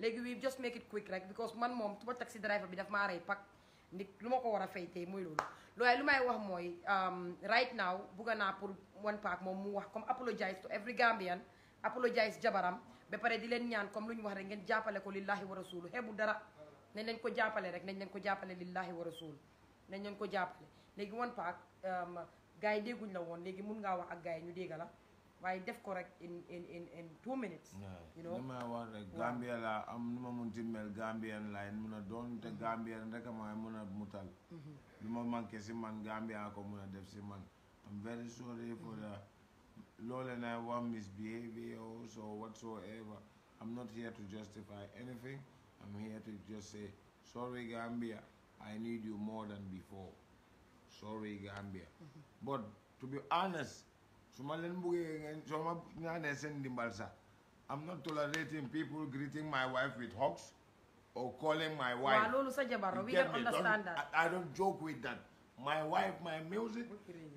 léegi we just make it quick rek because man moom tuba taxi driver bi daf maa rey pak nit lu ma ko war a fay tey mooy loolu looy lu may wax mooy um, right now bugga naa pour one pack moom mu wax comme apologize to every Gambian apologize jabaram ba pare di leen ñaan comme lu ñu wax rek ngeen jàppale ko lillahi wa rasulu xebu dara nañ leen ko jàppale rek nañ leen ko jàppale lillahi wa rasulu nañ leen ko jàppale léegi one pack um, gars yi la woon léegi mun ngaa wax ak gars yi ñu dégg la waaye def ko rek in in in in two minutes. you know wax rek Gambia laa am nu ma munti mel laay mun a doon te mhm. rek mun a mutal. Mhm. lu ma manqué si man Gambia ko mun a def si man. I'm very sorry for the Lola and I want misbehavior or whatsoever. I'm not here to justify anything. I'm here to just say, sorry Gambia, I need you more than before. Sorry Gambia. Mm -hmm. But to be honest, I'm not tolerating people greeting my wife with hugs or calling my wife. Waaw loolu sa understand that. I don't joke with that. My wife, my music,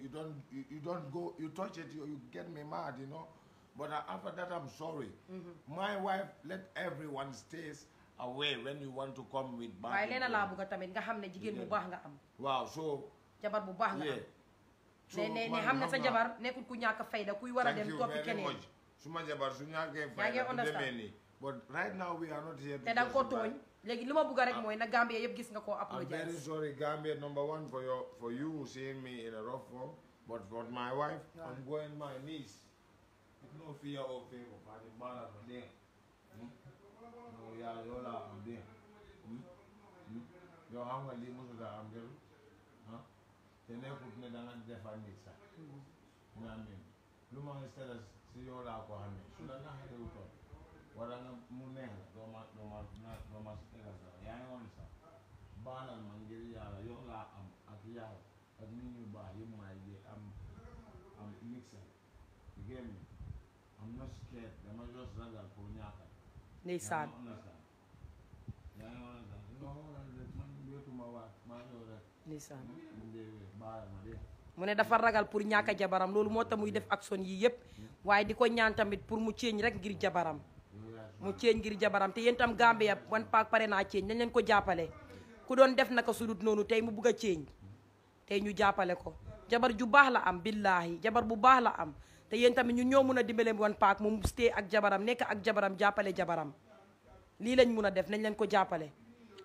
you don't you, you don't go you touch it you, you get me mad, you know. But uh, after that, I'm sorry. Mm -hmm. My wife, let everyone stays away when you want to come with my Wow, so ne ne ne xam ne jabar nekkul ku ñàkk but right now we are not here to. da nga I'm very sorry Gambia number one for your for you seeing me in a rough form but for my wife I'm going my niece with no fear or favor by the man of the day no yaa yow laa am dee yow xam nga lii mosul am delu te nekkut ne da nga defal nit sax mm. nga amin lu ma sela si yow laa ko xam ne su la naxarewu toon wala nga mu neex ya ya la dooma dooma dooma sela yaa am ak yàlla ak nit ñu baax am am mixal génn am not scared dama jos ragal pour ñàkkal ndeysaan mu ne dafa ragal pour ñàkk jabaram loolu moo tax muy def action yi yëpp waaye di ko ñaan tamit pour mu ceeñ rek ngir jabaram mu ceeñ ngir jabaram te yéen tam Gambia One Pac pare naa ceeñ nañ leen ko jàppale ku doon def naka sudut noonu tey mu bugg a ceeñ tey ñu jàppale ko jabar ju baax la am billaahi jabar bu baax la am te yéen tamit ñu ñoo mun a dimbale One Pac mu stay ak jabaram nekk ak jabaram jàppale jabaram lii lañ mun a def nañ leen ko jàppale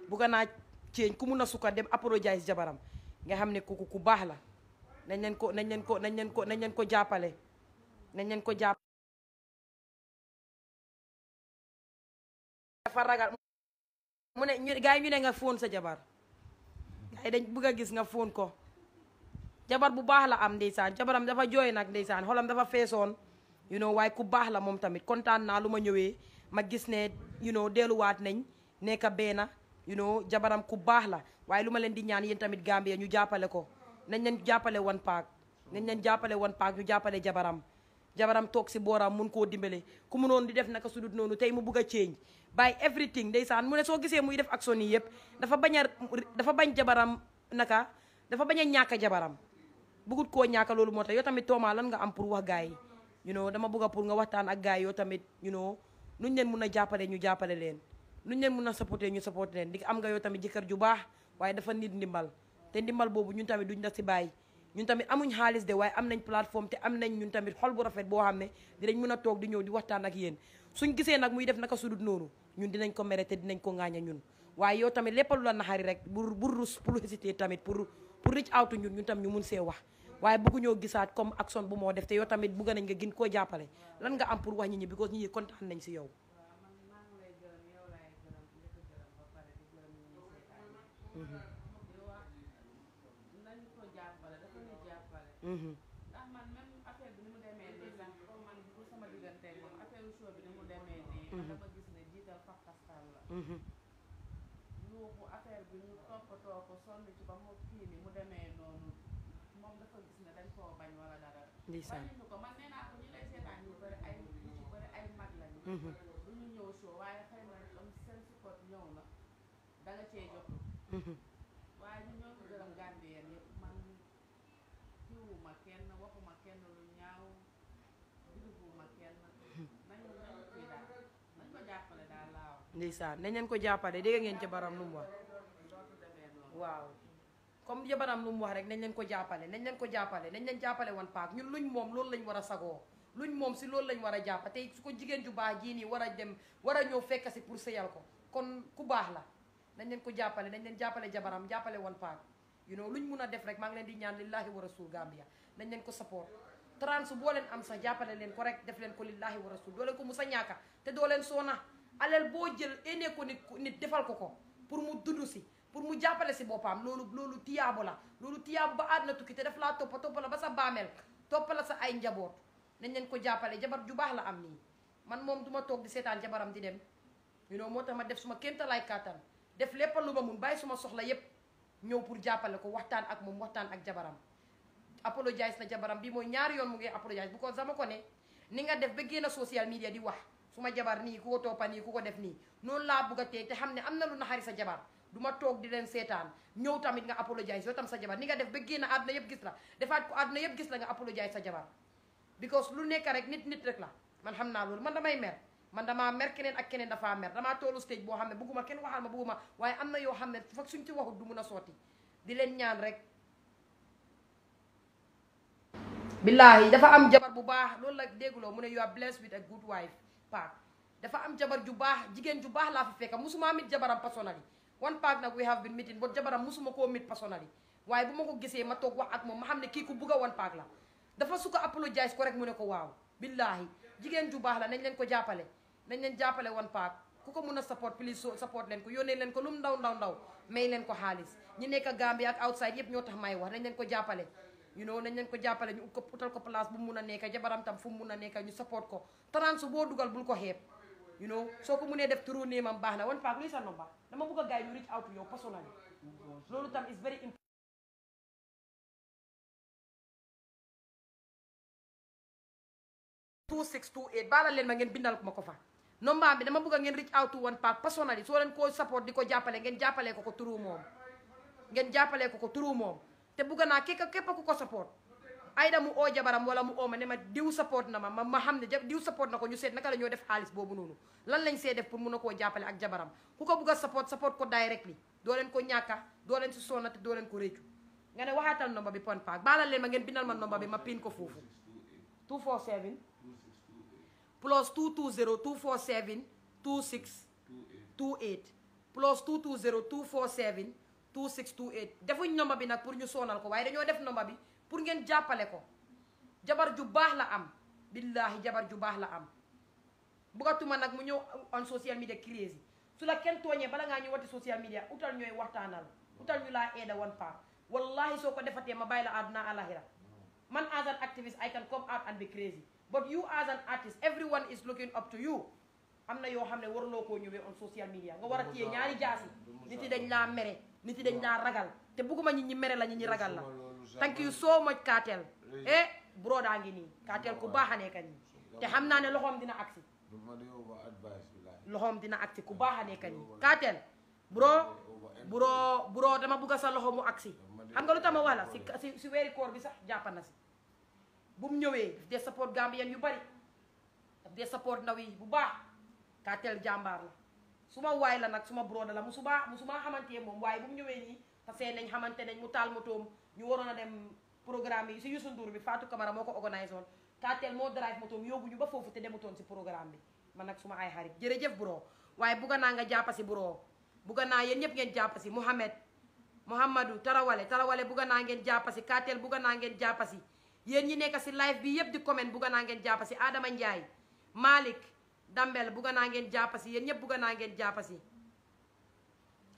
bugga naa ceeñ ku mun a sukar dem apologize jabaram nga xam ne kooku ku baax la nañ leen ko nañ leen ko nañ leen ko nañ ko jàppale nañ leen ko jàpp dafa ragal mu ne ñu nga fóon sa jabar gars yi gis nga fóon ko jabar bu baax la am ndeysaan jabaram dafa jooy nag ndeysaan xolam dafa feesoon you know waaye ku baax la moom tamit kontaan naa lu ma ñëwee ma gis ne you know delluwaat nañ nekk benn you jabaram ku baax la waaye lu ma leen di ñaan yéen tamit Gambia ñu jàppale ko nañ leen jàppale One Pac nañ leen jàppale One Pac ñu jàppale jabaram jabaram toog si booram mun koo dimbale ku mu noonu di def naka su dut noonu tey mu bugg a change by everything ndeysaan mu ne soo gisee muy def action yi yëpp dafa bañ dafa bañ jabaram naka dafa bañ a ñàkk jabaram bugut koo ñàkk loolu moo tax yoo tamit Toma lan nga am pour wax gars yi you know dama bugg a pour nga waxtaan ak gars yoo tamit you know nuñ leen mun a jàppale ñu jàppale leen lu ñu leen mën a supporté ñu supporté leen di am nga yow tamit jëkkër ju baax waaye dafa nit ndimbal te ndimbal boobu ñu tamit duñ la si bàyyi ñun tamit amuñ xaalis de waaye am nañ plateforme te am nañ ñun tamit xol bu rafet boo xam ne mën a toog di ñëw di waxtaan ak yéen suñ gisee nag muy def naka sudut noonu ñun dinañ ko mere ko ŋaaña ñun waaye yow tamit lépp lu la naxari rek pour pour rus tamit pour pour reach out ñun ñun tam ñu mun see wax waaye bëgguñoo gisaat comme action bu moo def te yow tamit bëgg nañ nga gin koo jàppale lan nga am pour wax ñi ñi because ñi kontaan nañ si yow di wax nañu ko jàppale dafa ñu jàppale ndax man même affaire bi ni mu demee nii sax comme man bu sama diggante moom affaire bi ni mu demee nii man dafa gis ne jiital fakastal la yuuxu affaire bi ñu toppatoo ko sonn ci ba mu kii ni mu demee noonu moom dafa gis ne dañ koo bañ wala dara bañuñu ko man nee ko ñu lay seetaan ñu bëri ay ñu ay mag lañu mhm. waaye ñu ñoo ngi gërëm Gambien yëpp man jiwuma kenn waxuma nañ ko ko dégg ngeen ci baram wax comme wax rek nañ ko nañ ko nañ wan pak ñun luñ moom loolu lañ war luñ si loolu lañ wara a jàpp tey su ko jigéen ju baax dem wara a fekk si pour ko kon ku baax la nañ leen ko jàppale nañ jàppale jabaram jàppale wan paak you know mun a def rek maa ngi leen di ñaan lillahi wa rasul Gambia nañ leen ko support trans boo leen am sax jàppale leen ko rek def leen ko lillahi wa rasul doo leen ko musa ñaaka te doo leen soona alal boo jël énee ko nit defal ko ko pour mu dund si pour mu jàppale si boppam loolu loolu la loolu tiyaabu ba àdduna tukki laa toppa toppa ba sa baameel toppa sa ay njaboot nañ leen ko jàppale jabar ju baax la am nii man moom duma toog di seetaan jabaram di dem you know moo tax ma def suma kéemtalaay kàttan def lépp lu ma mun bàyyi suma soxla yépp ñëw pour jàppale ko waxtaan ak moom waxtaan ak jabaram apologize na jabaram bi mooy ñaari yoon mu ngi apologize bu ko sama ko ne ni nga def ba génn social media di wax su ma jabar nii ku ko toppa ku ko def nii noonu laa bugg a tey xam ne am na lu naxari sa jabar du ma toog di leen seetaan ñëw tamit nga apologize yow tam sa jabar ni nga def ba génn àdduna yëpp gis la defaat ko àdduna yëpp gis la nga apologize sa jabar because lu nekk rek nit nit rek la man xam naa loolu man damay mer man ma mer keneen ak keneen dafa mer dama tolu stage bo xamne buguma ken waxal ma buguma waye amna yo xamne fak suñ ci waxu du mun soti di len ñaan rek billahi dafa am jabar bu baax lool la dégguloo mu you are blessed with a good wife Pak. dafa am jabar ju baax jubah ju baax la fi fekka musuma mit jabaram personally one paak nak we have been meeting but jabaram musuma ko mit personally waye buma ko gisee ma tok wax ak mom ma xamne ki ku bugg one paak la dafa suka apologize ko rek mune ne ko waw billahi jigen ju baax la nañ len ko jappalé nañ leen jàppale woon paak ku ko mun a support please support leen ko yónnee leen ko lu ndaw ndaw ndaw may leen ko xaalis ñi nekk Gambie ak outside yëpp ñoo tax may wax nañ leen ko jàppale you know nañ leen ko jàppale ñu ko utal ko place bu mun a nekk jabaram tam fu mu mun a nekk ñu support ko trans su boo dugal bul ko xeeb you know soo ko mënee def turu ma baax na wan paak luy sa na dama bëgg a gars yi ñu reach out yow personnel loolu tam is very important two leen ma ngeen bindal ma ko fa nombaam bi dama bëgg ngeen reach out to one pack personnally soo leen koo support di ko jàppale ngeen jàppalee ko ko turu moom ngeen ko ko turu moom te bëgg naa képp képp ku ko support ayda mu oo jabaram wala mu oo ma ne ma diw support na ma ma ma xam ne diw support na ko ñu seet naka la ñoo def xaalis boobu noonu lan lañ see def pour mun a koo jàppale ak jabaram ku ko bëgg a support support ko directly doo leen ko ñàkka doo leen si sonna te doo leen ko réccu nga ne waxaatal nomba bi pon paak baalal leen ma ngeen bindal ma nomba bi ma pin ko foofu 247 plus 220 247 26 28 plus 220 247 2628 defuñ nomba bi nag pour ñu soonal ko waaye dañoo def nomba bi pour ngeen jàppale ko jabar ju baax la am billaahi jabar ju baax la am bëggatuma nag mu ñëw on social media crazy su la kenn tooñee bala ngaa ñëw wati social media utal ñooy waxtaanal utal ñu laa aida one part wallahi soo ko defatee ma bàyyi la àdduna àlaxira man as an activist I can come out and be crazy but you as an artist everyone is looking up to you am na yoo xam ne waruloo koo ñëwee on social media nga war a téye ñaari jaasi nit yi dañ laa mere nit yi dañ laa ragal te bugguma ñi ñi mere la ñi ñi ragal la thank you so much Katel eh bro daa ngi nii Katel ku baax a nekk nii te xam naa ne loxoom dina agsi loxoom dina agsi ku baax a nekk nii Katel bro bro bro dama bugg sa loxo mu agsi xam nga lu tax ma wax la si weeri koor bi sax jàpp na si bu mu ñëwee daf dee support Gambien yu bari daf dee support ndaw yi bu baax Katel jàmbaar la su ma waay la nag su ma broda la musu su ma maa xamante moom waaye bu mu ñëwee nii tasee nañ xamante nañ mu taal motoom ñu waroon a dem programme yi si Youssou Ndour bi Fatou Camara moo ko organisé woon Katel moo drive motoom yóbbuñu ba foofu te demutoon si programme bi ma nag su ma ay xarit jërëjëf bro waaye bugga naa nga jàppa si bro bugga naa yéen ñëpp ngeen jàppa si Mouhamed Mouhamadou Tarawale Tarawale bugga naa ngeen jàppa si Katel bugga naa jàppa si yéen ñi nekk si live bi yëpp di comment bugga naa ngeen jàppa si Adama Ndiaye Malick Dambel bugga naa ngeen jàppa si yéen ñëpp bugga naa ngeen jàppa si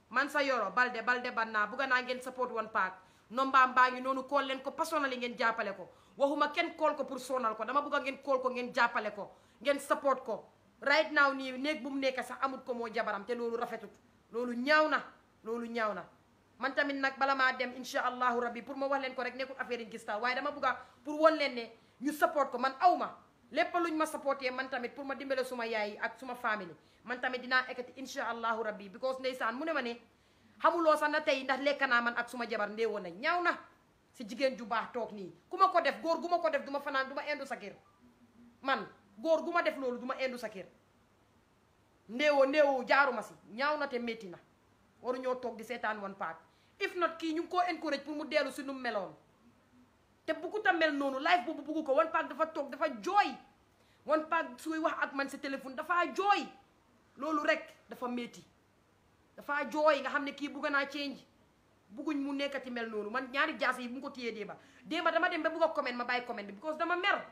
man sa yoro balde balde banna bugga naa ngeen support one pack nombaam baa ngi noonu kool leen ko personnel ngeen jàppale ko waxuma kenn kool ko pour sonal ko dama bugga ngeen kool ko ngeen jàppale ko ngeen support ko right now nii néeg bu mu nekk sax amut ko moo jabaram te loolu rafetut loolu ñaaw na loolu ñaaw na man tamit nag bala maa dem incha allahu rabbi pour ma wax leen ko rek nekkul affaire yi gis taal waaye dama bëgg pour won leen ne ñu support ko man aw ma lépp luñ ma supporté man tamit pour ma dimbale suma yaay ak suma famille man tamit dinaa ekkati incha allahu rabbi because saan mu ne ma ne xamuloo sax na tey ndax lekk naa man ak suma jabar ndéewoon na ñaaw na si jigéen ju baax toog nii ku ma ko def goor guma ko def du ma fanaan du ma indu sa man góor gu ma def loolu du ma indu sa kër ndéewoo jaaruma si ñaaw na te métti na waruñoo toog seetaan woon paak if not kii ñu ngi koo encourage pour mu dellu si nu meloon te buggut a mel noonu live boobu buggu ko One Pac dafa toog dafa jooy One Pac suy wax ak man sa téléphone dafa jooy loolu rek dafa metti dafaa jooy nga xam ne kii bugg naa change bugguñ mu nekkati mel noonu man ñaari jaas yi bu nga ko téyee démba démba dama dem ba bugg a comment ma bàyyi comment bi because dama mer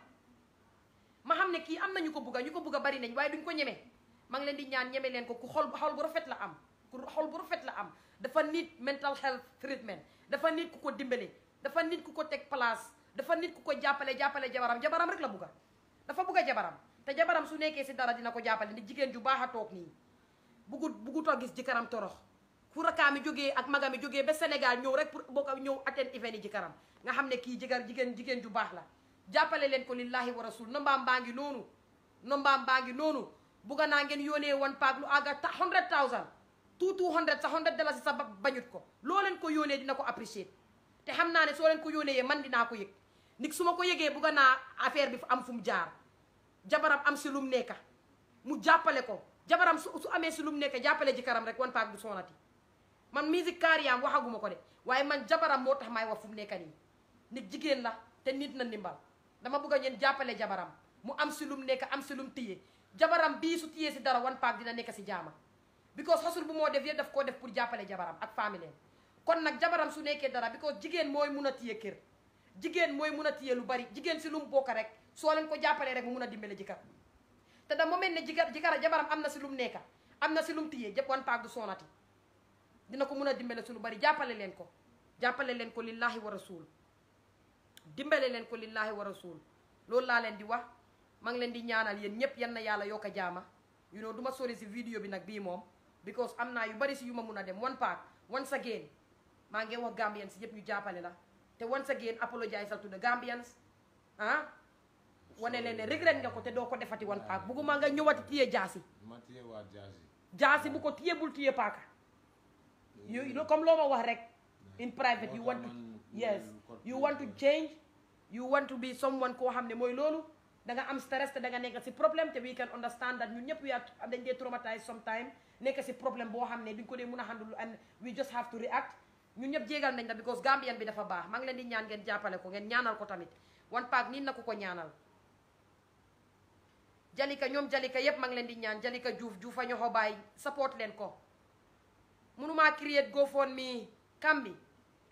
ma xam ne kii am na ñu ko bugg a ñu ko bugg bari nañ waaye duñ ko ñeme ma ngi leen di ñaan ñeme leen ko ku xol xol bu rafet la am ku xol bu rafet la am dafa nit mental health treatment dafa nit ku ko dimbale dafa nit ku ko teg place dafa nit ku ko jàppale jàppale jabaram jabaram rek la bugga dafa bugg a jabaram te jabaram su nekkee si dara dina ko jàppale ni jigéen ju baax a toog nii bugut bugut a gis jëkkëram torox fu mi jógee ak magami jógee ba Sénégal ñëw rek pour bokk ñëw attend event yi jëkkëram nga xam ne kii jëkkër jigéen jigéen ju baax la jàppale leen ko war a suul rasul nombaam baa ngi noonu nombaam baa ngi noonu bugga naa ngeen yoone wan paak lu àgga 100 000 tout tout hundred sa hundred dalasi sa bañut ko loo ko yónnee dina ko apprécier te xam naa ne soo leen ko yónnee man dinaa ko yëg nit su ma ko yëgee bugg naa affaire bi am fu mu jaar jabaram am si lum nekka mu jàppale ko jabaram su su amee si lum nekka jàppale jikaram rek wan paak bu sonati man musique carrière waxaguma ko de waaye man jabaram moo tax maay wax fu mu nekka nii nit jigéen la te nit na ndimbal dama bugg a ñeen jàppale jabaram mu am si lum nekka am si lum téye jabaram bii su téyee si dara wan paak dina nekk si jaama because xasul bu moo def yëpp daf koo def pour jàppale jabaram ak famille kon nag jabaram su nekkee dara because jigéen mooy mun a téye kër jigéen mooy mun a tiye lu bari jigéen si lu mu bokk rek soo leen ko rek mu mun a dimbale jëkkër te da moment ne jëkkër jëkkër jabaram am na si lu nekka am na si lu mu téye jëpp soonati dina ko mun a dimbale su lu bari jàppale leen ko jàppale leen ko lillaahi wa rasul dimbale leen ko lillaahi wa rasul loolu laa leen di wax maa ngi leen di ñaanal yéen ñëpp yan na yàlla yokk a jaama you know du ma si vidéo bi nag bii moom because am naa yu bari si yu ma mun a dem one part once again maa ngi wax Gambians yëpp ñu jàppale la te once again apologize to the Gambians ah wane leen ne regret nga ko te doo ko defati one paak bugguma nga ñëwati téye jaasi jaasi bu ko téye bul tiye paaka you comme loo ma wax rek in private you want to yes want to change you want to be someone koo xam ne mooy loolu danga am stress te da nga nekk si problème te we can understand that ñun ñëpp we are dañ dee traumatized sometime nekk si problème boo xam ne duñ ko dee mën a handle and we just have to react ñun ñëpp jéegal nañ la because bi dafa baax maa ngi di ñaan ngeen jàppale ko ngeen ñaanal ko tamit one pack nii na ko ko ñaanal Jalika ñoom Jalika yépp maa ngi leen di ñaan Jalika Juuf Juufa ñoxo baay support leen ko mënumaa create mi kam bi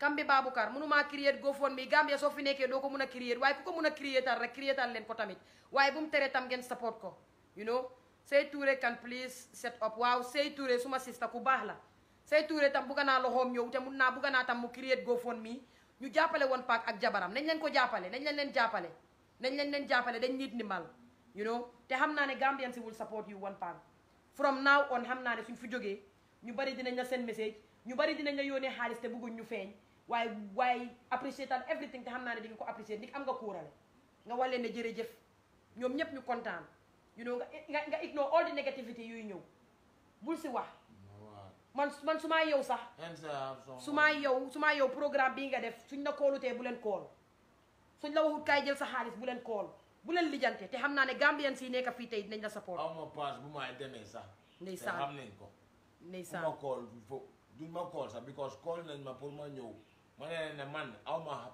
Kambe Baboucar mënumaa créer GoFundMe Gambia soo fi nekkee doo ko mun a créer waaye ku ko mun a créer tal rek créer tal leen ko tamit waaye bu mu teree tam ngeen support ko you know Sey Touré kan please set up waaw Sey Touré suma sista ku baax la Sey Touré tam bugga naa loxoom ñëw te mun naa bugga naa tam mu foon GoFundMe ñu jàppale woon paak ak jabaram nañ leen ko jàppale nañ leen leen jàppale nañ leen leen jàppale dañ nit ndimbal you know te xam naa ne Gambians will support you one paak from now on xam naa ne suñ fi jógee ñu bari dinañ la seen message ñu bari dinañ la yónnee xaalis te bëgguñ ñu feeñ waaye waaye appreciate and everything te xam naa ne di nga ko apprécier ndik am nga kuurale nga walee ne jërëjëf ñoom ñëpp ñu kontaan you know nga nga ignore all the negativity yuy ñëw bul si wax man man su maa yow sax uh, su maa yow su maa yow programme bii nga def suñ la koolutee bu leen kool suñ la waxut kaay jël sa xaalis bu leen kool bu leen lijjante te xam naa ne Gambien si nekk fii tey dinañ la support aw ma paas bu may demee sax ndeysaan te xam nañ ko ndeysaan ma kool fo duñ ma kool sax because kool nañ ma pour ma ñëw ma ne leen ne man aw ma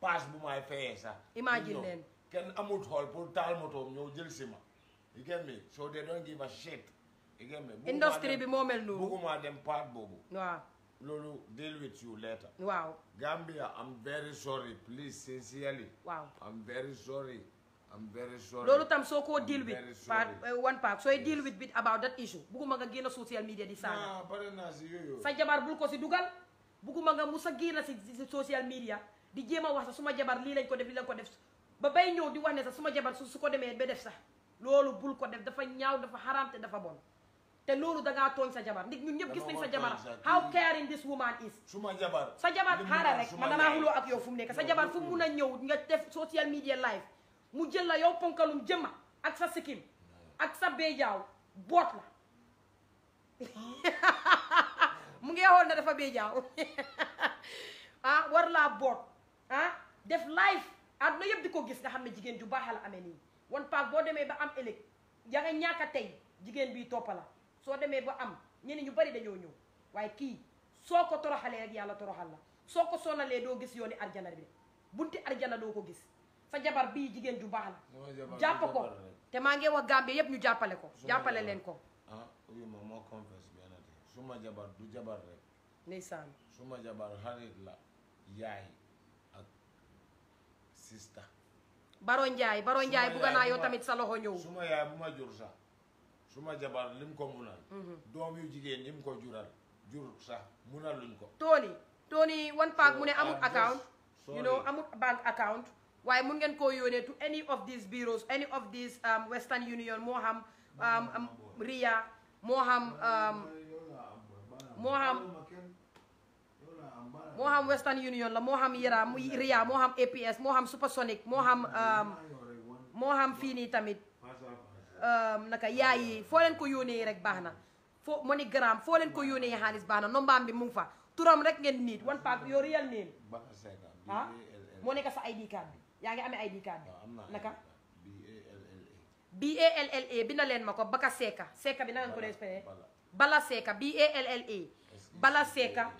paas bu may fayee sax. imagine leen kenn amul xool pour taal motoom ñëw jël si ma. you get me so they don't give a shit. you get me industrie bi moo mel noonu bëgguma dem part boobu. waaw loolu deal with you later. waaw Gambia I'm very sorry please sincerely. waaw I'm very sorry. I'm very sorry. loolu tam soo koo deal with part eh, one part sooy deal with bit about that issue bëgguma nga génn social media di saaga. ah pare naa si yooyu. sa jabar bul ko si dugal. bugguma nga musa génn si social media di jéem a wax sax suma jabar lii lañ ko def lii lañ ko def ba bay ñëw di wax ne sax suma jabar su su ko demee ba def sax loolu bul ko def dafa ñaaw dafa xaraam te dafa bon te loolu dangaa tooñ sa jabar nit ñun ñëpp gis nañ sa jabar how caring this woman is suma jabar sa jabar xaaral rek man damaa xuloo ak yow fu mu nekk sa jabar fu mun a ñëw nga def social media live mu jël la yow ponkalum jëmma ak sa sikim ak sa jaaw boot la mu ngi xool na dafa bejaw ah war la bok ah def life, àdduna yëpp di ko gis nga xamne jigen ameni. ju baxal la amee nii ba am elek, ya nga jigen tay jigen bi topala so la ba am ñene ñu bari dañu ñëw waaye ki soko ko ak yalla toroxal la soo ko sonalee gis yoni aljana bi bunti aljana do ko gis fa jabar bi jigen ju baxal japp ko te ma ngi wa Gambie yeb ñu ko len ah, ko suma jabar du jabar rek ndeysaan suma jabar harit la yaay ak sista baro njaay baro njaay bu gana yow tamit sa loxo ñew suma yaay bu ma jur sax suma jabar lim ko munal mhm. doom yu jigen lim ko jural jur sax munal luñ ko toni toni one pack mu ne amul account you know amul bank account waye mun ngeen ko yone to any of these bureaus any of these um, western union um, um, ria Moham um, moo xam moo xam Western Union la moo xam Yera mu Ria moo xam APS moo xam Supersonic moo xam um, moo xam fii nii tamit um, naka yaay yi foo leen ko yónnee rek baax na foo gram foo leen ko yónnee xaalis baax na nombaam bi mu ngi fa turam rek ngeen niit one pack your real name moo nekk sa ID card bi yaa ngi amee ID card bi naka B A bi na leen ma ko Baka Seka Seka bi na ngeen ko dee bala Secka B A L L A. Balla Secka.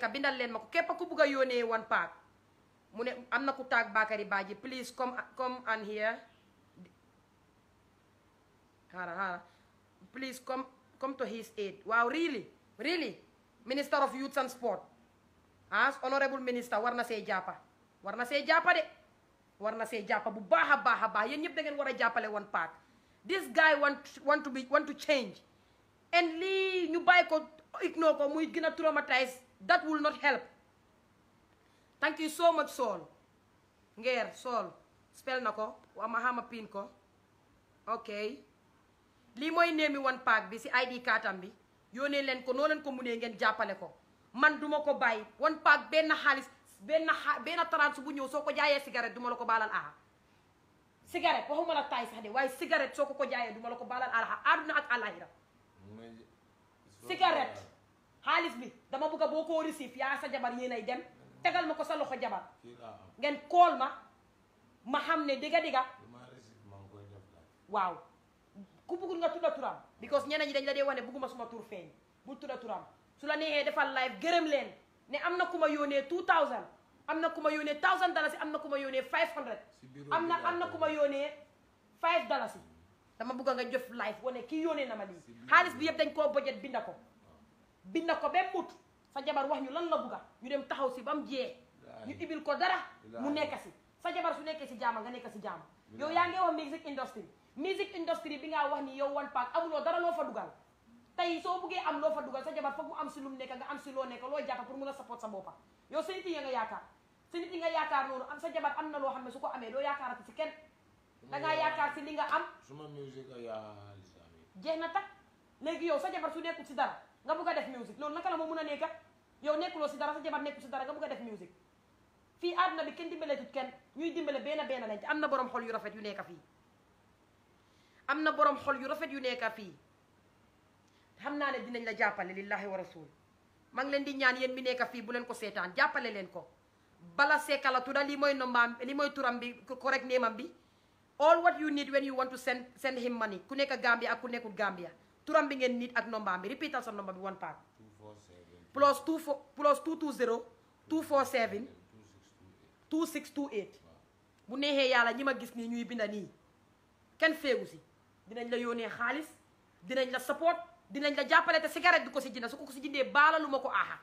A bindal leen ma ko képp ku bugg a yónnee one pack mu ne am na ku taag Bakary Badji please come come and here xaaral xaaral please come come to his aid waaw really really minister of youth and sport ah honorable minister war na see jàppa war na see jàppa de. war na see jàpp bu baax a baax a baax yéen ñëpp da ngeen war a jàppale one pack this guy want want to be want to change and lii ñu bàyyi ko ignore ko muy gën a traumatise that will not help thank you so sool ngeer sool spell na ko waa ma ko ok lii mooy néemi one pack bi si ID kaatam bi yónnee leen ko noo leen ko munee ngeen jàppale ko man duma ko bàyyi one pack benn xaalis benn xa benn bu ñëw soo ko jaayee cigarette duma la ko baalal aha cigarette waxuma la taay sax de waaye soo ko ko jaayee duma la ko baalal aha àdduna ak àllaaxira cigarette xaalis bi dama bëgg a boo ko receive yaa sa jabar yéen ay dem tegal ma ko sa loxo jabar ngeen kool ma ma xam ne digga digga waaw ku bëggul nga tudda turam because ñeneen ñi dañ la dee wane bëgguma suma tur feeñ bul tudda turam su la neexee defal live gërëm leen ne am na ku ma yónnee 2000 am na ku ma yónnee 1000 dalasi am na ku ma yónnee 500. am na am na ku ma yónnee 5 dalasi. dama bëgg nga jëf live wane kii yoonee na ma lii xaalis bi yëpp dañ koo budget binda ko. binda ko ba mut sa jabar wax ñu lan la bëgga ñu dem taxaw si ba mu jiyee. ñu ibil ko dara mu nekk si. sa jabar su nekkee si jaama nga nekk si jaama. yow yaa ngi wax music industry music industry bi ngaa wax ni yow One Pac amuloo dara loo fa dugal. tay so bëggé am lo fa duggal sa jabar fa mu am si lum nekk nga am ci lo nekk loo jàpp pour support sa boppa yo sa nit yi nga yaakar sa yi nga yaakar noonu am sa jabar am na loo xam su ko amee doo yaakaarati si kenn li nga am suma musique yaa jeex na tak léegi yo sa jabar su nekkul ci dara nga bëgga def music. Non, naka la mo mëna nekk yo yow nekkuloo si dara sa jabar nekkul ci dara nga bëgga def music. Fi adna bi kenn dimbalé tut kenn ñuy dimbalé benn benn lañ ci amna na borom xol yu rafet yu nekk fi. am borom xol yu rafet yu nekk fi xamna ne dinañ la jàppale lillahi wa rasul ma ngi leen di ñaan yeen mi nekk fi bu len ko setan. jàppale len ko bala seekala tuda li moy nombam li moy turam bi correct néemam bi all what you need when you want to send send him money ku nekk Gambia ak ku nekkul Gambia turam bi ngeen nit ak nombam bi Repeat sa nombam bi one part plus 2 plus 220 247 2628 bu neexee yalla ñima gis ni ñuy bindani ken feegu ci dinañ la yone xaliss dinañ la support dinañ la jàppale te cigarette du ko si jënd su ko si jëndee baalalu ma ko aha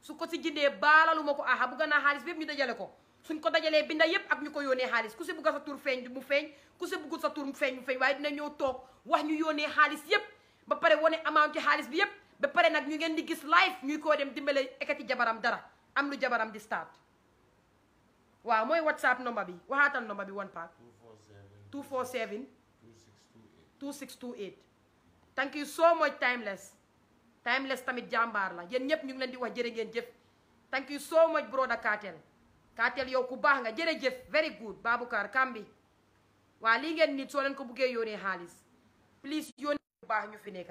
su ko si jëndee baalalu ma ko aha bu gën a xaalis bépp ñu dajale ko suñ ko dajalee binda yépp ak ñu ko yónnee xaalis ku si bugg sa tur feeñ mu feeñ ku si bugg sa tur mu feeñ mu feeñ waaye dina ñëw toog wax ñu yónnee xaalis yëpp ba pare wane amount ci xaalis bi yëpp ba pare nag ñu ngeen di gis live ñuy koo dem dimbale ekati jabaram dara am lu jabaram di start waaw mooy whatsapp nomba bi waxaatal nomba bi one pack 247 2628 tànk you so much timeless timeless tamit jàmbaar la yéen ñëpp ñu ngi leen di wax jërë ngeen jëf tànk you so much broda Kaatel Kaatel yow ku baax nga jëf very good Baboucar Kambi waa lii ngeen nit soo leen ko buggee yónnee xaalis please yónnee bu baax ñu fi nekk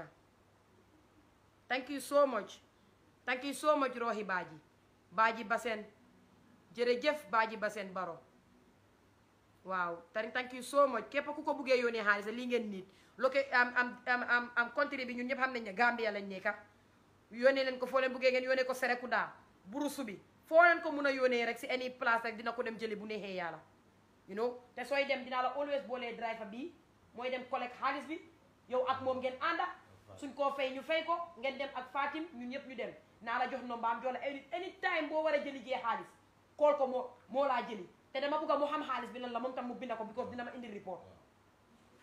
thank you so much thank you so much Rohi Baaji Baaji Basen jërëjëf Baaji Basen Baro waaw tari thank you so much képp ku ko buggee yoonee xaalis lii ngeen nit loke am am am am contrée bi ñun ñëpp xam nañ ne Gambia lañ nekka yónnee leen ko foo buggee ngeen yónnee ko Serekunda burusu bi foo leen ko mun a yónnee rek si any place rek dina ko dem jëli bu neexee yàlla you know te sooy dem dinaa la always boolee driver bii mooy dem collecte xaalis bi yow ak moom ngeen ànda suñ koo fay ñu fay ko ngeen dem ak Fatim ñu ñëpp ñu dem naa la jox nombaam jox la any time boo war a jëli xaalis kool ko moo moo laa jëli te dama bëgg a mu xam xaalis bi lan la moom tam mu bind ko because dina ma indil report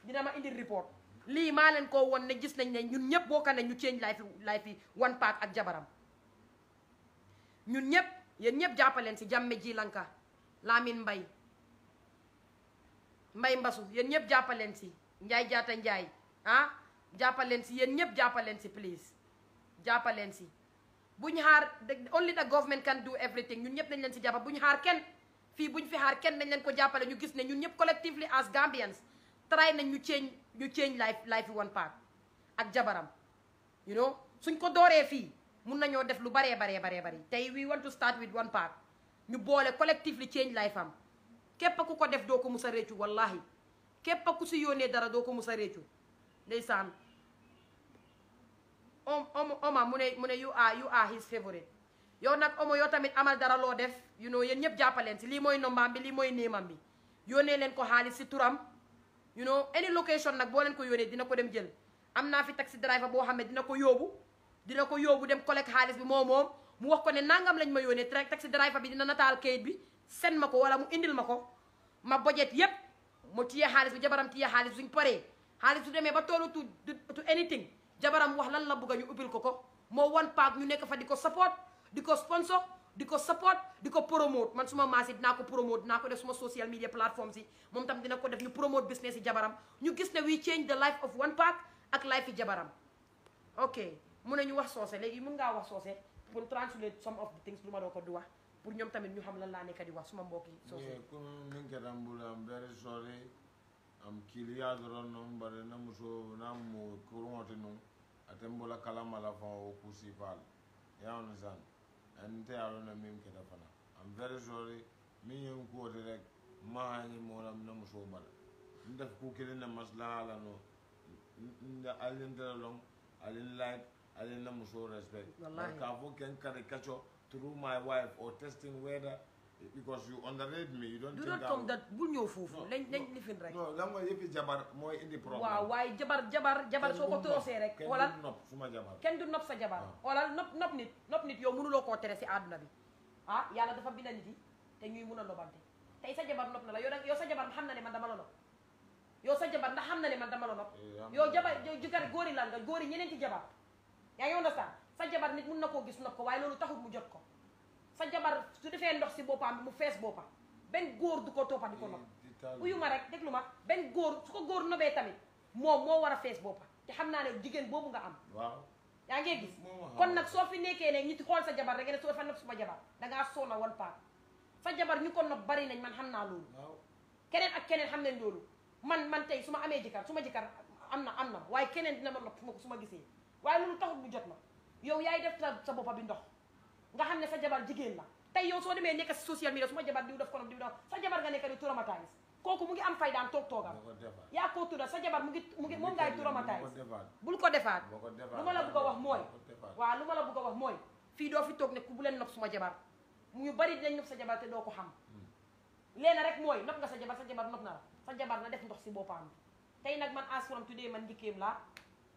dina ma indil report lii maa leen ko won ne gis nañ ne ñun ñëpp bokka ne ñu change life life yi one part ak jabaram ñun ñëpp yéen ñëpp jàppaleen si jàmme ji lanka Lamin Mbay Mbay Mbasu yéen ñëpp jàppaleen si Njaay Jaata Njaay ah jàppaleen si yéen ñëpp jàppaleen si please jàppaleen si buñ xaar only the government can do everything ñun ñëpp nañ leen si jàppa buñ xaar kenn fii buñ fi xaar kenn dañ leen ko jàppale ñu gis ne ñun ñëpp collectively as Gambians try nañ ñu change ñu change life life yi one part ak jabaram you know suñ ko dooree fii mun nañoo def lu baree baree baree bari tey we want to start with one part ñu boole collectively change life am képp ku ko def doo ko mus a réccu wallahi képp ku si yoonee dara doo ko mus a réccu ndeysaan om om oma mu ne mu ne you are you are his favorite yow nag omo yow tamit amal dara loo def you know yéen ñëpp jàppaleen si lii mooy nombaam bi lii mooy néemam bi yónnee leen ko xaalis si turam you know any location nag boo leen ko yónnee dina ko dem jël am naa fi taxi driver boo xam ne dina ko yóbbu dina ko yóbbu dem collecte xaalis bi moom mu wax ko ne nangam lañ ma yónnee taxi driver bi dina nataal kayit bi sen ma ko wala mu indil ma ko ma bojet yépp mu téye xaalis bi jabaram téye xaalis bi suñ paree xaalis su demee ba toolu tu tu anything jabaram wax lan la bëgg a ñu ubbil ko ko moo one paak ñu nekk fa di ko diko sponsor diko support diko promote man suma maas yi promote dinaa ko def suma social media platform yi mom tam dina ko def ñu promote business yi jabaram ñu gis ne we change the life of one pack ak life yi jabaram ok mun ñu wax sosé légui mun nga wax sosé pour translate some of the things luma do ko duwa pour ñom tamit ñu xam lan la nekk di wax suma mbokk yi rambul am very sorry am kiliya dɔrɔn nɔ n bari muso n'a mu ko ti bola kalama la fan o kusi ante arona min kɛta fana am very sorry min ye my kuwo te rek no hañi moona mina musoo bala n def ku kelen na maslaha la no nda alin tara long alin like alin na musoo respect k'a fɔ kɛn kari kaco through my wife or testing whether because you underrate me you don't. you don't come that bul ñëw foofu. lañ lañ lifin rek. mooy yëpp jabar mooy indi problème. waaw waaye jabar jabar jabar soo ko toosee rek. xoolal kenn du nopp suma kenn du nopp sa jabar. Ah. xoolal nopp nopp nit nopp nit loo koo tere si àdduna bi ah yàlla dafa bind nit yi te ñuy mun a nobante tey sa jabar nopp na la yow nag yow sa jabar xam na ne man dama la nopp yow sa jabar ndax xam na ne man dama la nopp. Eh, yow jabar yow jëkkër góori lan nga góori ñeneen ci jabar yaa ngi woon sa jabar nit mun na koo gis nopp ko waaye loolu taxul mu jot ko sa jabar su defee ndox si boppa mu fees boppam benn góor du ko toppa di ko nob uyu ma rek déglu ma benn góor su ko góor nobee tamit moo moo war a fees boppa te xam naa ne jigéen boobu nga am waaw yaa ngee gis kon nag soo fi nekkee ne ñiti xool sa jabar rek ne soo dafa nob suma jabar dangaa soona wan paak sa jabar ñu ko nob bari nañ man xam naa loolu keneen ak keneen xam nañ loolu man man tey su ma amee jëkkër su ma jëkkër am na am na waaye keneen na ma nopp su ma gisee waaye loolu taxul bu jot ma yow yaay def sa boppa bi ndox nga xamne sa jabar jigen la tay yow so demé nek social media suma jabar diw daf konof diw daf sa jabar nga nekk di traumatise koku mu ngi am fay daan tok toogam ya ko tuda sa jabar mu ngi mu ngi mom ngay traumatise bul ko defat lu la bëgg a wax la bu ko wax moy fi do fi tok ne ku bu len nopp suma jabar ñu bari dinañ Saja sa jabar te do ko xam hmm. lena rek moy nopp nga sa jabar sa jabar na sa jabar na def ndox si bopam tay nak man as from today man dikem la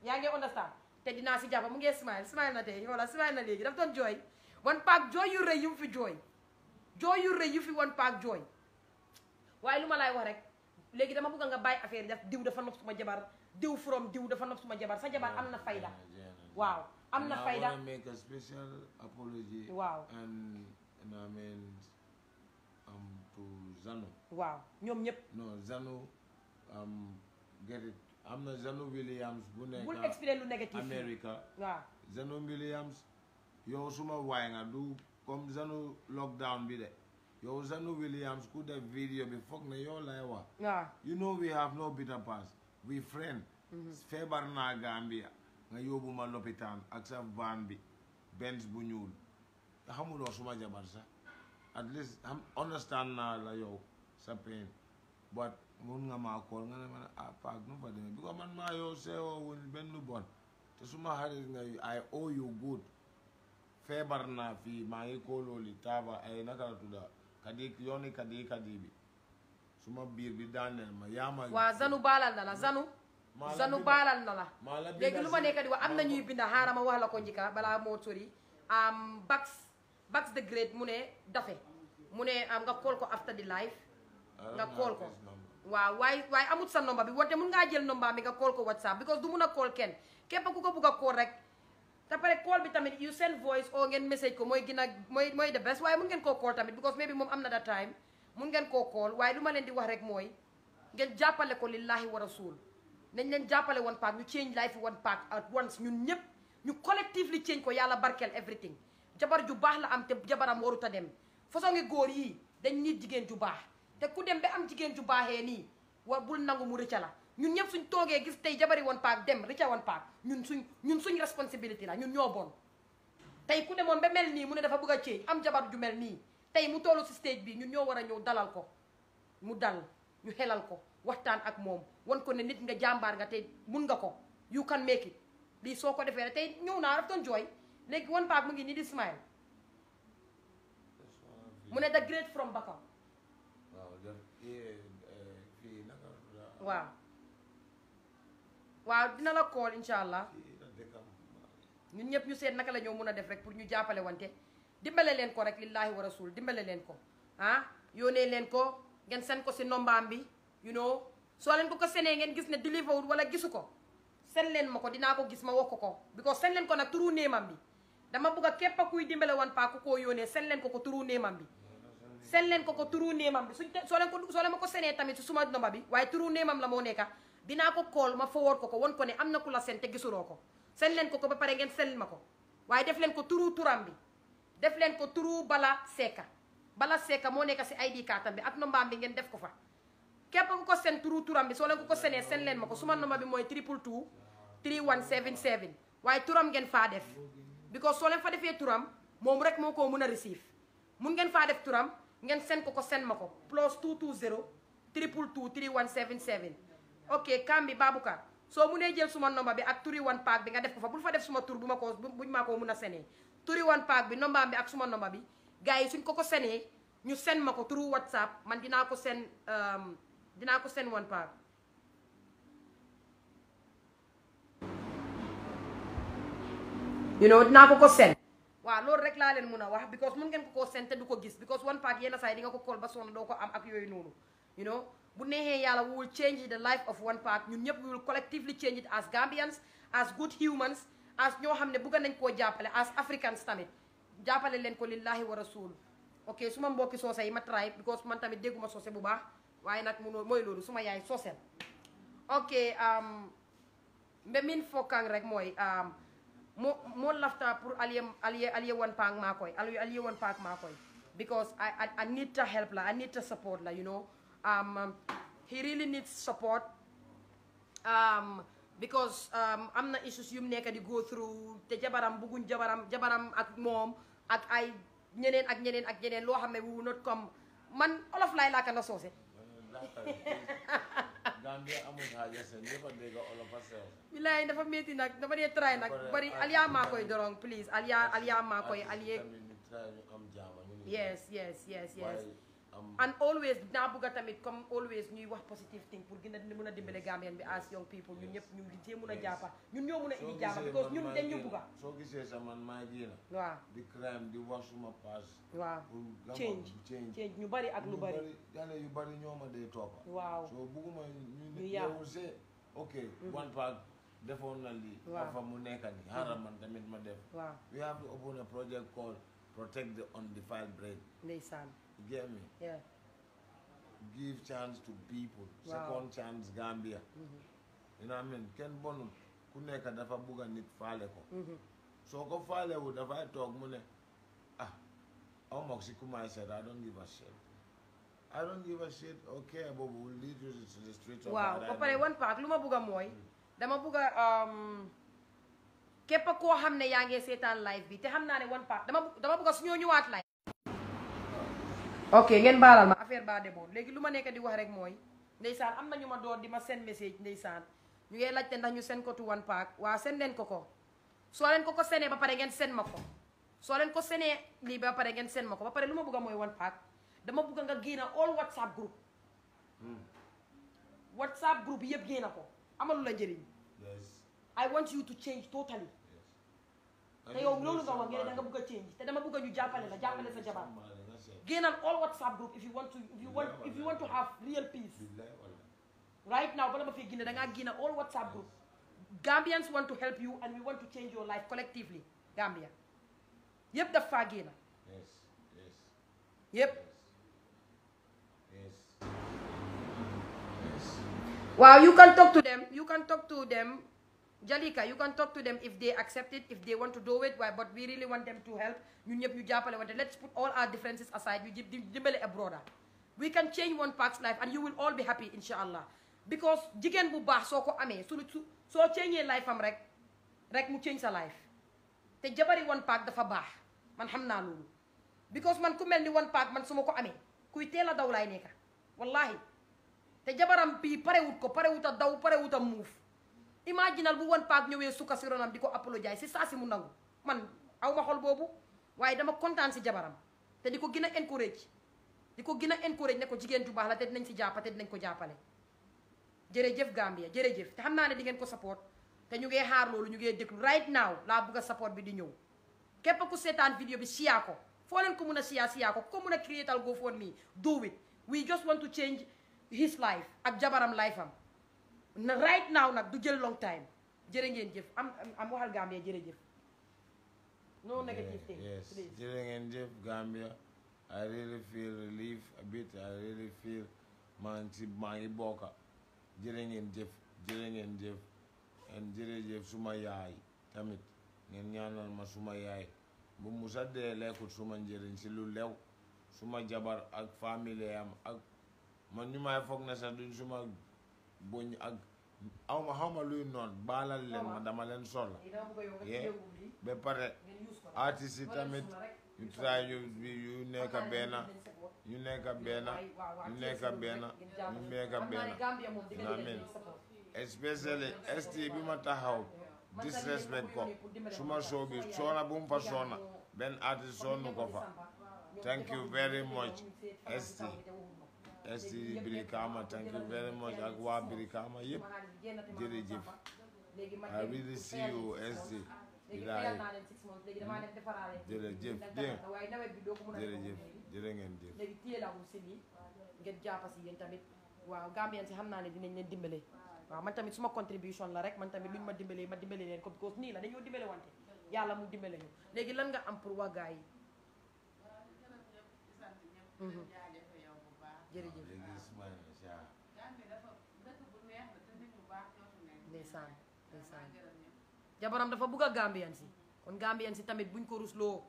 ya nga understand te nasi si mungkin mu ngi smile smile na tey smile na léegi daf wan paak jooy yu rëy fi jooy jooy yu fi wan paak jooy waaye lu ma laay wax rek léegi dama bëgg nga bàyyi affaire yi daf diw dafa nopp suma jabar diw from diw dafa nopp suma jabar sa jabar am na fayda waaw am na fayda and I want um, waaw ñoom ñëpp non Zanu um, am na Zanu Williams bu nekk bul expliquer lu négatif America waaw Zanu Williams yow suma waay nga du comme zanu lockdown bi de yow zanu Williams ku def video bi foog ne yow lay wax you know we have no bitter past we friend mhm. feebar naa Gambia nga yóbbu ma lopitaan ak sa van bi benz bu ñuul xamuloo suma jabar sax at least understand naa la yow sa pain but mun nga maa kool nga ne ma ah, paak nu fa demee bi ko man maa yow seewoo wuñ benn bon te suma xarit nga I owe you good feebar naa fii maa ngi kóolooli taaba ay naka la tudda kadi kadi bi suma biir bi daaneel ma yaa ma. waa zanu baalal na zanu. zanu baalal na la. léegi lu ma nekk di wax am na ñuy binda xaaral ma wax la ko njëkka balaa moo sori. Bax Bax the mu ne dafe mu ne nga call ko after the live. nga call ko waaw waaye waaye amut sa nomba bi wante mun ngaa jël nomba bi nga call ko whatsapp because du mun a call kenn képp ku ko bugg a call rek. te pare call bi tamit you send voice o ngeen message ko mooy gina a mooy mooy the best waaye mun ngeen koo call tamit because maybe moom am na that time mun ngeen koo call waaye lu ma leen di wax rek mooy ngeen jàppale ko lillahi wa rasul nañ leen jàppale one pack ñu change life one pack at once ñun ñëpp ñu collectively change ko yàlla barkeel everything jabar ju baax la am te jabaram warut a dem façon ngi góor yii dañ nit jigéen ju baax te ku dem ba am jigéen ju baaxee nii war bul nangu mu rëcca la ñun ñëpp suñ toogee gis tey jabari woon paak dem rica woon paak ñun suñ ñun suñ responsabilité la ñun ñoo bon tey ku demoon ba mel nii mu ne dafa bëgg a cëy am jabar ju mel nii tey mu tollu si stage bi ñun ñoo war a ñëw dalal ko mu dal ñu xelal ko waxtaan ak moom wan ko ne nit nga jàmbaar nga tey mun nga ko you can make it lii soo ko defee rek tey ñëw naa daf doon jooy léegi woon paak mu ngi nii di mu ne da great from Bakau waaw eh, waaw dina la kool incha allah ñun ñëpp ñu seet naka la ñoo mën a def rek pour ñu jàppale wante dimbale leen ko rek lillahi wa rasul dimbale leen ko ah yónnee leen ko ngeen seen ko si nombaam bi you know soo ko senee ngeen gis ne deliver wul wala gisu ko sen leen ma ko dinaa ko gis ma wax ko ko because sen leen ko nag turu néemam bi dama bugg a képp a kuy dimbale woon paa ku koo yónnee leen ko ko turu néemam bi sen leen ko ko turu néemam bi suñ soo leen ko soo leen ma ko tamit su suma nomba bi waaye turu néemam la moo nekka dinaa ko kool ma forward ko ko won ko ne am na ku la seen te gisuloo ko seen leen ko ko ba pare ngeen seen ma ko waaye def leen ko turu turam bi def leen ko turu bala seeka bala seeka moo nekk si ID cardam bi ak nombaam bi ngeen def ko fa képp ku ko seen turu turam bi soo leen ko ko senee seen leen ma ko su suma nomba bi mooy triple two 3177 waaye turam ngeen faa def because soo leen fa defee turam moom rek moo ko mën a receive mun ngeen faa def turam ngeen seen ko ko seen ma ko plus 220 triple two 3177 ok Kambi Baboucar soo nee jël suma nomba bi ak turi wan paak bi nga def ko fa bul fa def suma tur bu ma ko buñ maa ko mun a senee turi wan paak bi nombaam bi ak suma nomba bi gars yi suñ ko ko senee ñu sen ma ko turu whatsapp man dinaa ko sen um, dinaa ko sen wan paak you know dinaa ko ko sen waaw loolu laa leen mun a wax because mun ngeen ko koo seen du ko gis because one pack yenn saa yi di nga ko kool ba sonn doo ko am ak yooyu noonu you bu neexee yàlla we will change the life of one park ñun ñëpp we will collectively change it as Gambians as good humans as ñoo xam ne bëgg nañ koo jàppale as Africans tamit jàppale leen ko lillahi wa rasul ok su ma mbokki soose yi ma try because man tamit dégguma soose bu baax waaye nag munoo mooy loolu suma yaay sooseel ok um, mbe min fokkaan rek Um, mo mo lafta pour allié aliye aliye one park maa koy aliye one park maa koy because I I need to help la I need to support la you know Um, um, he really needs support um, because um, am na issues yu mu nekk di go through te jabaram bugguñ jabaram jabaram ak moom ak ay ñeneen ak ñeneen ak ñeneen loo xam ne wu not comme man olof laay laaka na soose Gambia amul xaalis ñëpp a dégg olof a sew bilaay dafa métti nag dafa dee try nag bari aliyaa maa koy dorong please aliyaa maa koy aliyaa yes yes yes yes Um, and always naa bugg a tamit comme always ñuy wax positive thing pour gën a mën a dimbale Gambien bi as young people ñun ñëpp ñu cee mën a jàppa ñun ñoo mën a indi jàppa because ñun dañ ñu bugga So gisee sa man maa jéena waaw di crime di wax suma pass waaw change change ñu bari ak lu bari yàlla yu bari ñoo ma dee toppa waaw soo bugguma ñu yow see ok mm. one pack defoon na lii dafa mu nekka ni xaaral man tamit ma def we have to open a project called protect the undefined brain ndeysaan you get me? Yeah. Give chance to people. Wow. Second chance Gambia. Mm -hmm. You know what I mean? Ken Bonum, kuneka dafa buga nit fale ko. Mm-hmm. So ah, ko fale wo dafa talk mune. Ah, Omoxi Kumai said, I don't give a shit. I don't give a shit Okay, but we'll lead you to the streets of Wow, papare one part, luma buga moy. Mm. Dama buga um Kepa koo hamne ne yaa ngi seetaan live bi te xam ne one part dama dama bëgg a su ñoo ñëwaat ok ngeen baalal ma affaire ba demoon legui luma nek di wax rek moy ndeysaan amna ñuma door di ma send message ndeysaan ñu ngey laajte ndax ñu sen ko tu one pack wa sen len ko ko so len ko ko sené ba paré ngeen sen mako so len ko sené li ba paré ngeen sen mako ba paré luma bëgg moy one pack dama bëgg nga gina all whatsapp group hmm. whatsapp group yeb gina ko amalu la njëriñ I want you to change totally te yow loolu nga wax ngeen da nga bëgg change te dama bëgg ñu jàppale la sa jabar an all whatsapp group if you want to if you want if you want to have real peace right now bala all whatsapp group Gambians want to help you and we want to change your life collectively Gambia yëpp daf faa Yep. Yes. Wow, you can talk to them you can talk to them Jalika you can talk to them if they accept it if they want to do it waaye but we really want them to help ñun ñëpp ñu jàppale wante let's put all our differences aside ñu jëm a brother we can change one Pak's life and you will all be happy insha allah because jigéen bu baax soo ko amee su soo change life am rek rek mu change sa life te jabari one Pak dafa baax man xam naa loolu because man ku mel ni one Pak man suma ko amee kuy teel a daw laay nekka wallahi te jabaram bii parewut ko parewut a daw parewut muuf imaginal bu One Pac ñëwee sukka si ronam di ko apologize si saa si mu nangu man aw ma xol boobu waaye dama kontaan si jabaram te di ko gën a encourage di ko gën a encourage ne ko jigéen ju baax la te nañ si jàppa te dinañ ko jàppale jërëjëf Gambia jërëjëf te xam naa ne di ngeen ko support te ñu ngee xaar loolu ñu ngee déglu right now laa bëgg a support bi di ñëw képp ku seetaan vidéo bi siyaa ko foo leen ko mun a siyaa siyaa ko ku ko mun a creatal GoFundMe do it we just want to change his life ak jabaram life am na right now nag du jël long time jërë jëf am am waxal Gambia ngeen jëf Gambia. I really feel relief a bit I really feel maa ngi si maa ngi bokka jërë ngeen jëf jërë ngeen jëf and jërëjëf suma yaay tamit ngeen ñaanal ma suma yaay bu musa dee lekkut suma njëriñ si lu lew suma jabar ak famille am ak man ñu may foog na sax duñ suma boñ ak awma xawma luy noon baalal leen ma dama leen soxla ye ba pare artistes yi tamit yu try yu yu nekka benn yu nekka benn yu nekka benn yu nekka benn na min especially ST bi ma taxaw disrespect ko suma show bi soona bu mu fa soona benn artiste soonu ko fa thank you very much ST esti Brikama thank you very much ak waa Brikama yëpp jërëjëf I really see you SD bilaay jërëjëf jërëjëf jërë ngeen jëf léegi téye laa ko si nii ngeen jàpp si yéen tamit waaw Gambien si xam naa ne dinañ leen dimbale waaw man tamit suma contribution la rek man tamit luñ ma dimbalee ma dimbale leen ko because nii la dañoo dimbale wante yàlla mu dimbale léegi lan nga am pour waa yi jërëjëf léegi Ismaïla Dia. dafa jabaram dafa bugg a Gambien si kon Gambien si tamit buñ ko rusloo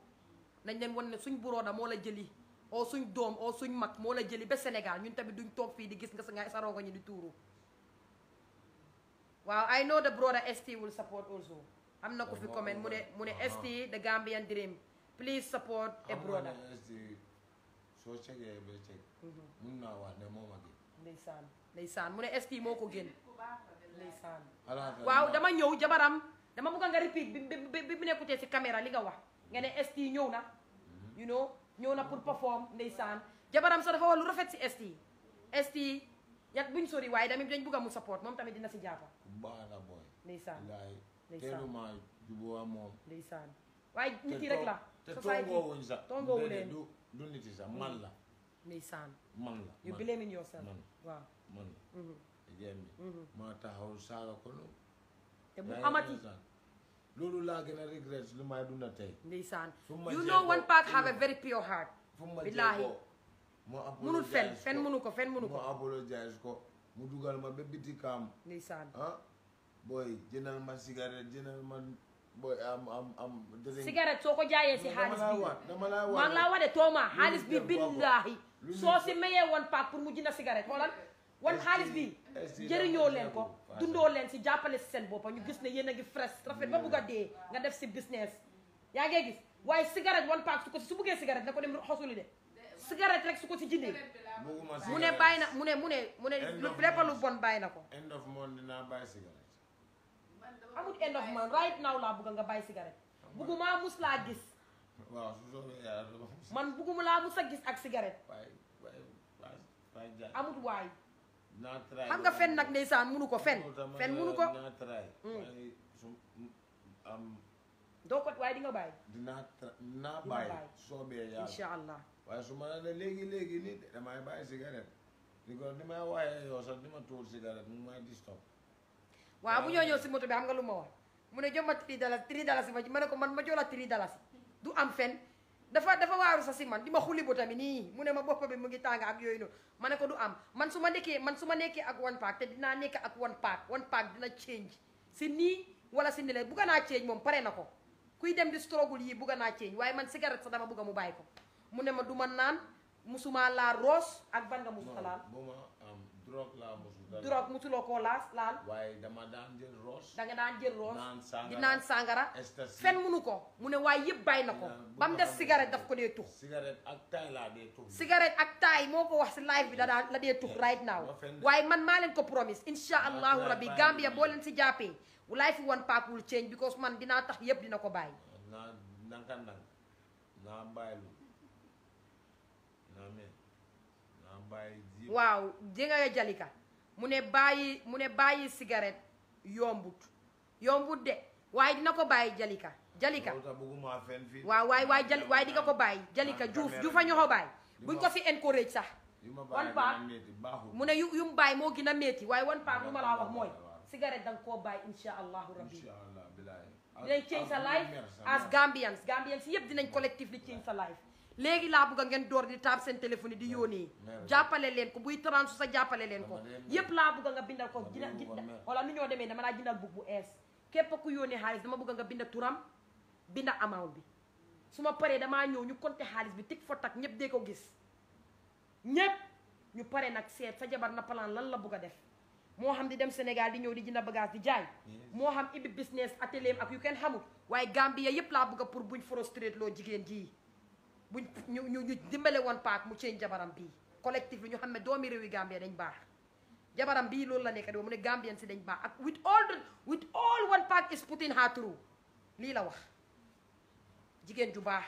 nañ leen wan ne suñ burooda moo la jëli oo suñ doom oo suñ mag moo la jëli ba Sénégal ñun tamit duñ toog fii di gis nga sa nga saroo ko ñu di tuuru waaw I know the brother ST will support also am na ko fi comment mu ne mu ne ST the Gambian dream please support a brother soo cegee ba ceeg mhm. mun naa wax ne moom a génn ndeysaan ndeysaan mu ne est-ce que moo ko génn ndeysaan waaw dama ñëw jabaram dama bëgg nga repeat bi bi bi nekkutee si caméra li nga wax nga ne est ñëw na mhm. you know ñëw na pour perform saan jabaram sax dafa wax lu rafet si est est yat buñ sori waaye tamit dañ bëgg a mu support moom tamit dina si jàppa baax na booy ndeysaan ndeysaan teelu maa jubóo moom ndeysaan waaye nit yi rek la te tongoowuñ sa tongoowuñ leen du du nit yi sax mm. man la. ndeysaan man la you blaming yourself man waaw man la jëm mm-hmm. bi maa mm-hmm. taxaw saaga ko noonu te bu amati loolu laa gën a lu may dunda tey ndeysaan you know one part a very pure heart billaahi fen fen munu ko fen munu ko moo apologize ko mu dugal ma ba biti kaam ndeysaan ah booy ma cigarette jëndal ma booy um, um, um, am am am. cigarette soo ko jaayee si xaalis bi dama laa war dama laa war de tooma xaalis bi billaahi soo si mayee woon paak pour mu jënd cigarette xoolal wan xaalis bi jëriñoo leen ko dundoo leen si jàppale si seen boppa ñu gis ne yéen a ngi fresh rafet ba bugg a dee nga def si business yaa ngi gis waaye cigarette wan paak su ko si su buggee cigarette na ko dem xosuli de cigarette rek si ko si jëndee mu ne bàyyi na mu ne mu ne mu ne lépp lu bon bàyyi na ko end of mois dinaa amut end of man right now laa bëgg nga bàyyi cigarette bëgguma mus laa gis waaw su soobee yàlla man bëgguma laa mus a gis ak cigarette waay waay amut waay xam nga fen nag ndeysaan munu ko fen fen munu ko mm. doo ko waaye di nga bàyyi dinaa dinaa bàyyi soobee yàlla incha allah waaye su ma ne léegi léegi nii damay bàyyi cigarette di ko ni may waaye yow sax ma tuur cigarette mu may di waaw mu ñoo ñëw si moto bi xam nga lu ma wax mu ne jox ma tri dalasi tri dalasi ma ne ko man ma jox la tri dalasi du am fen dafa dafa waaru sa si man di ma xuli bu tamit nii mu ne ma bopp bi mu ngi tàng ak yooyu noonu ma ne ko du am man su ma nekkee man su ma nekkee ak one pack te dinaa nekk ak one pack one pack dina change si nii wala si ni la bugga naa change moom pare na ko kuy dem di struggle yi bugga naa change waaye man cigarette sax dama bugga mu bàyyi mu ne ma du ma naan musuma laa roos ak ban nga musu laal drogue laa mosul. drogue mosuloo koo laas laal. waaye dama daan jël roos. da nga di naan sangara. fen munu ko mu ne waaye yëpp bàyyi na ko. ba mu des cigarette daf ko dee tux. cigarette ak taay laa dee moo ko wax si live bi da daan la dee tux eh, right now waaye man maa leen ko promise incha allahu rabbi Gambia boo leen si jàppee. life one pack will change because man dinaa tax yëpp dina ko bàyyi. naa nanka waaw jënga jalika mu ne bàyyi mu ne bàyyi cigarette yombut yombut de waaye dina ko bàyyi jalika jalika waaw waay waay jali waaye di nga ko bàyyi jalika juuf a ñoo ko bàyyi buñ ko fi encourage sax wan paa mu ne yu yu mu bàyyi moo gën a métti waaye wan paa lu ma laa wax mooy cigarette danga koo bàyyi insha allahu rabbi dinañ change sa life as Gambians Gambians yëpp dinañ collective li change sa life léegi laa bëgg a ngeen door di taab seen téléphone yi di yónnee jàppale leen ko buy transu sa jàppale leen ko yépp laa bëgg nga bindal ko jina wala nu ñoo demee dama laa jëndal bug ees képp ku yónnee xaalis dama bëgg nga binda turam binda amaaw bi su ma paree damaa ñëw ñu compter xaalis bi tig fo tak ñëpp dee ko gis ñëpp ñu pare nag seet sa jabar na plan lan la bëgg a def moo xam di dem Sénégal di ñëw di jënd bagage di jaay moo xam ibbi business atelier ak yu kenn xamul waaye Gambia yépp laa bëgg pour buñ frustré loo jigéen ji buñ ñu ñu ñu dimbale woon paak mu ceeñ jabaram bii collectif bi ñu xam ne doomi réewi Gambia dañ baax jabaram bii loolu la nekk di mu ne Gambian si dañ baax ak with all with all one pack is putting her through lii la wax jigéen ju baax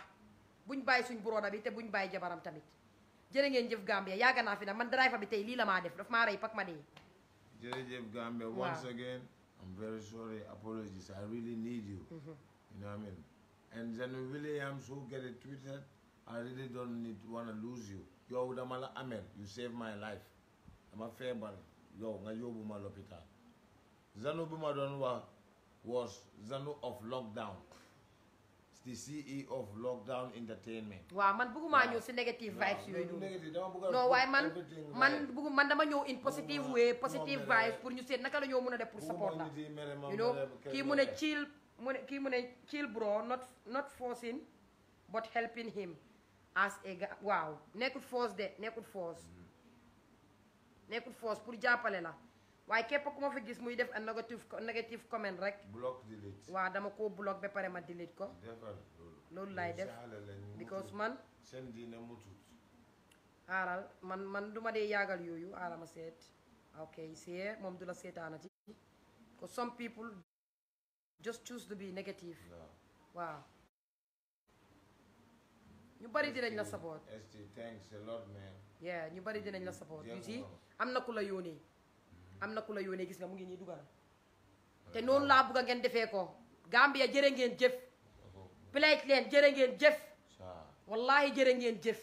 buñ bàyyi suñ broda bi te buñ bàyyi jabaram tamit jërë ngeen jëf Gambia Yaga na fi nag man driver bi tey lii la maa def daf maa rey pak ma dee jërëjëf Gambia once again I'm very sorry apologies I really need you mm-hmm. you know what I mean and then Williams who get it tweeted I really don't need want to lose you. Yo udamala amen. You saved my life. I'm a fair man. Yo ngayobu malopita. Zanu Bumadonwa was Zanu of lockdown. It's the CEO of lockdown entertainment. Wow, man buguma ñew ci negative vibes you do. No, why man man bugu man dama in positive way, positive vibes pour you, say naka la ñoo mëna support You know, ki mëna chill, ki mëna chill bro, not not forcing but helping him. as ega waaw nekkul foos de nekkul foos mm-hmm. nekkul foos pour jàppale la waaye képp ku ma fi gis muy def a négative négative comment rek. block dama koo block ba pare ma delete ko. loolu laay def because man. seen diine mutut. aaral man man duma ma dee yaagal yooyu aaral ma seet. ok see moom du la seetaanati. ko some people just choose to be negative. waaw. ñu bari dinañ la support. ST ñu bari dinañ la support. you see am na ku la yónnee. am na ku la yónnee gis nga mu ngi nii dugal te noonu laa bugg a ngeen defee ko. Gambia jëre ngeen jëf. plate leen jërë ngeen jëf. wallahi jëre ngeen jëf.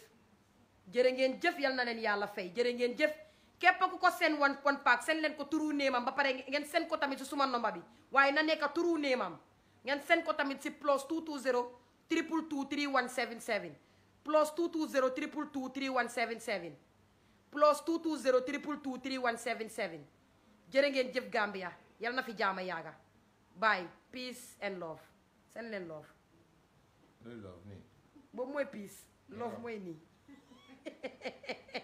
jërë ngeen jëf yal na leen yàlla fay jëre ngeen jëf. képp ku ko seen wan one pack seen leen ko turu néemam ba pare ngeen seen ko tamit si suma nomba bi waaye na nekk turu néemam ngeen seen ko tamit si plus 220. triple two three one seven seven plus two two zero triple two three one seven seven plus two two zero triple two three one seven seven jërë ngeen jëf Gambia yal na fi jaama yaaga bye peace and love send leen love. love me, but mooy peace. love mooy nii.